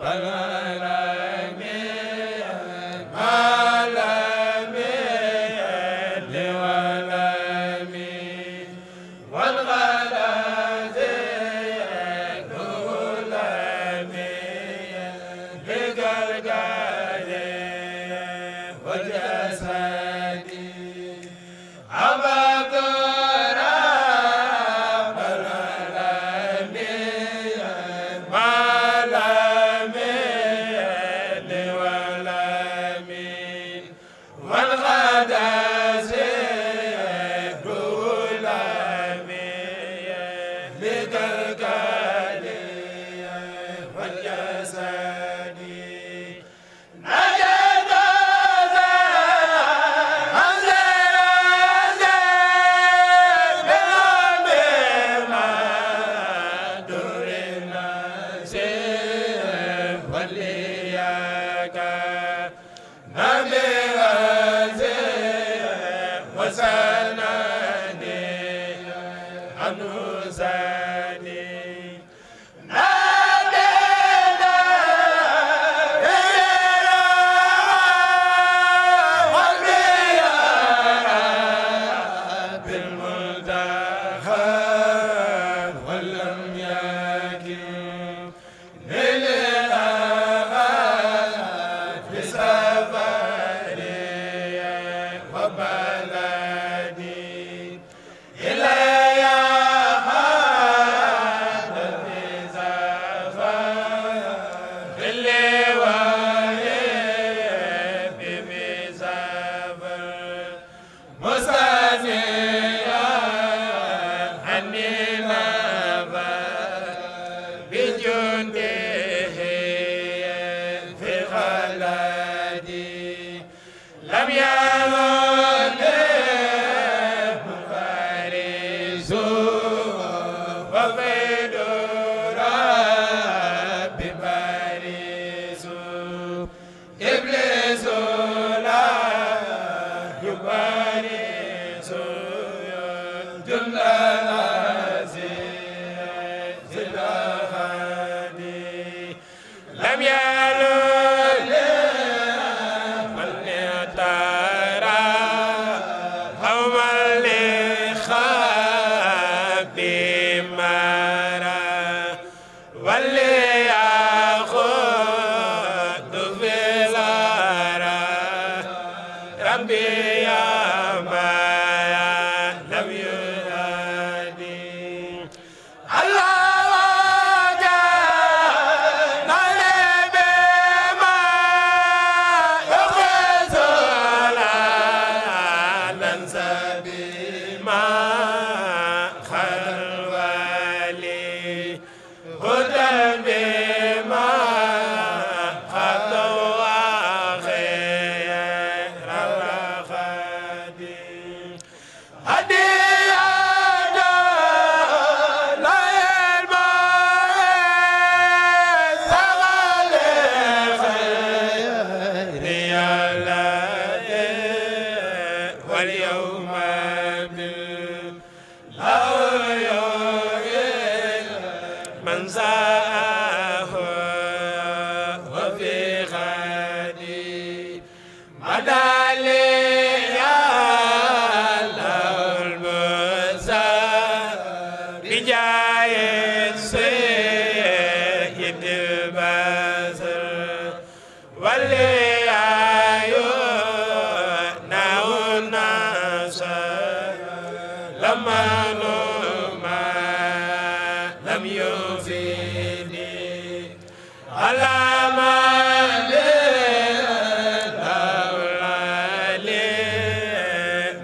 ba rabbana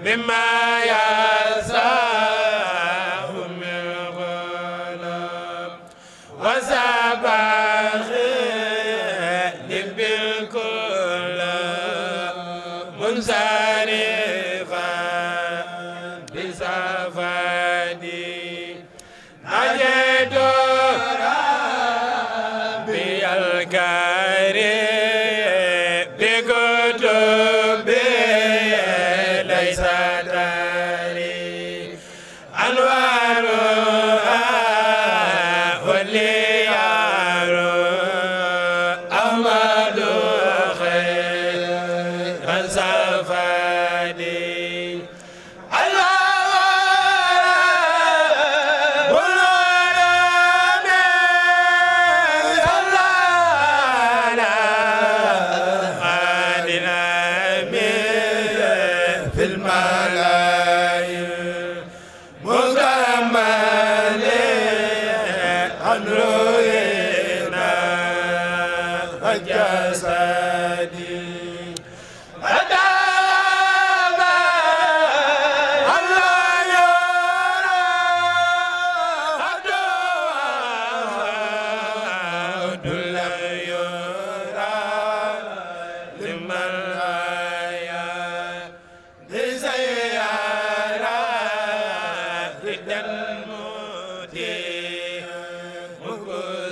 bima ya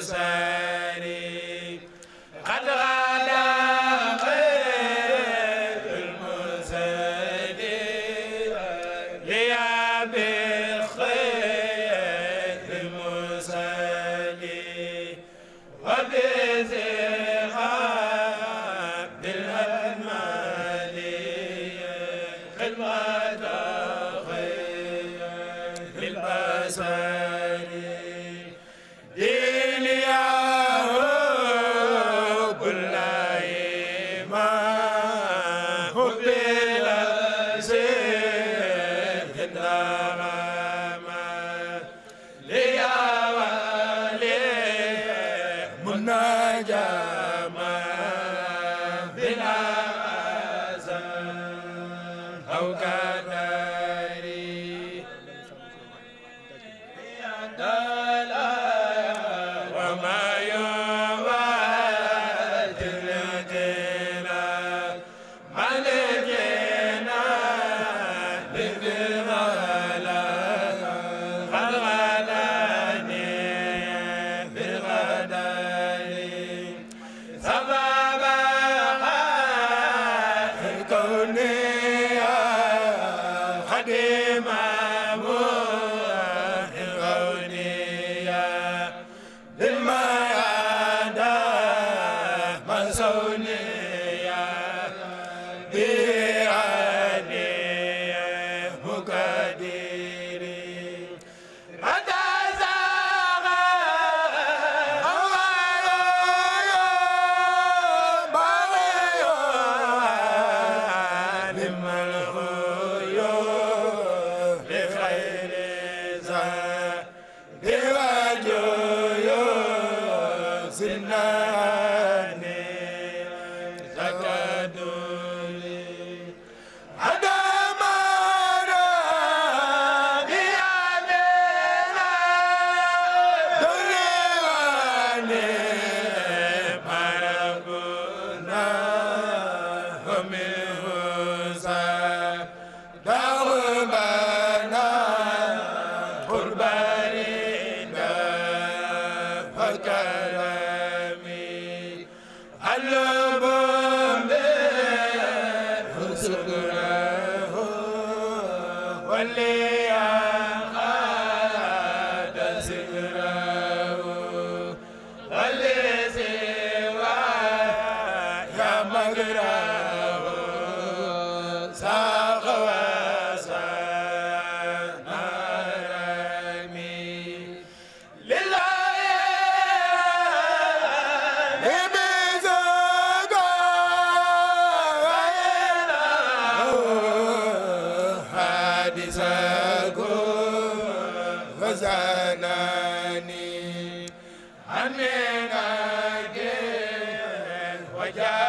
sa ja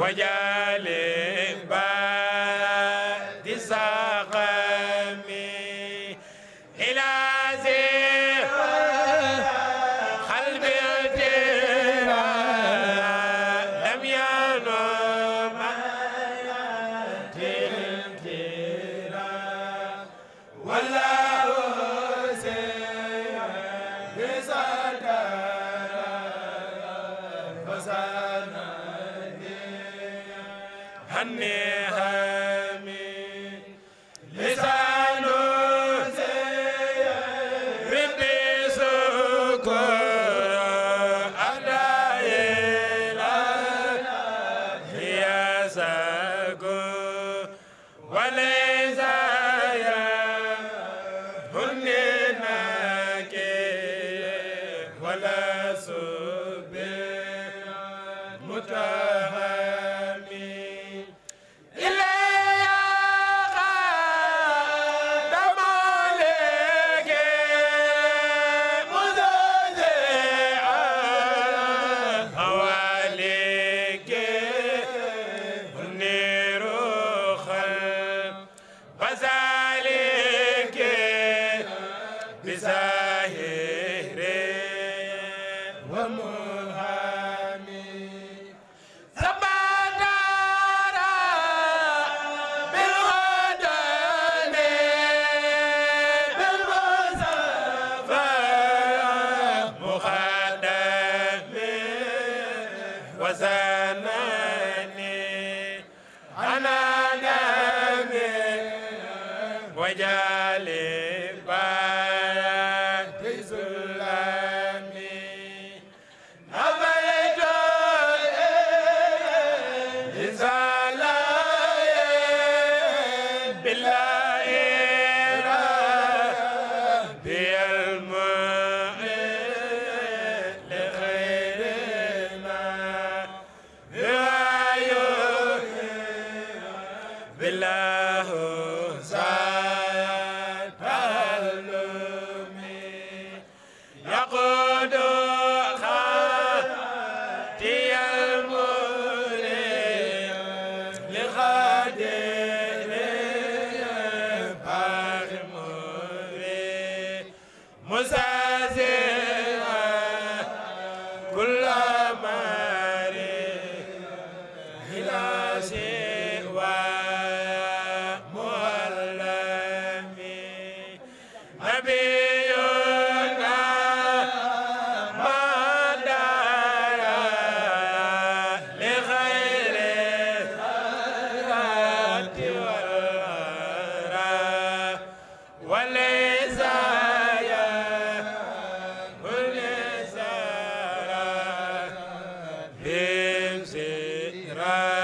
wajale anneha ma Amen. Euh,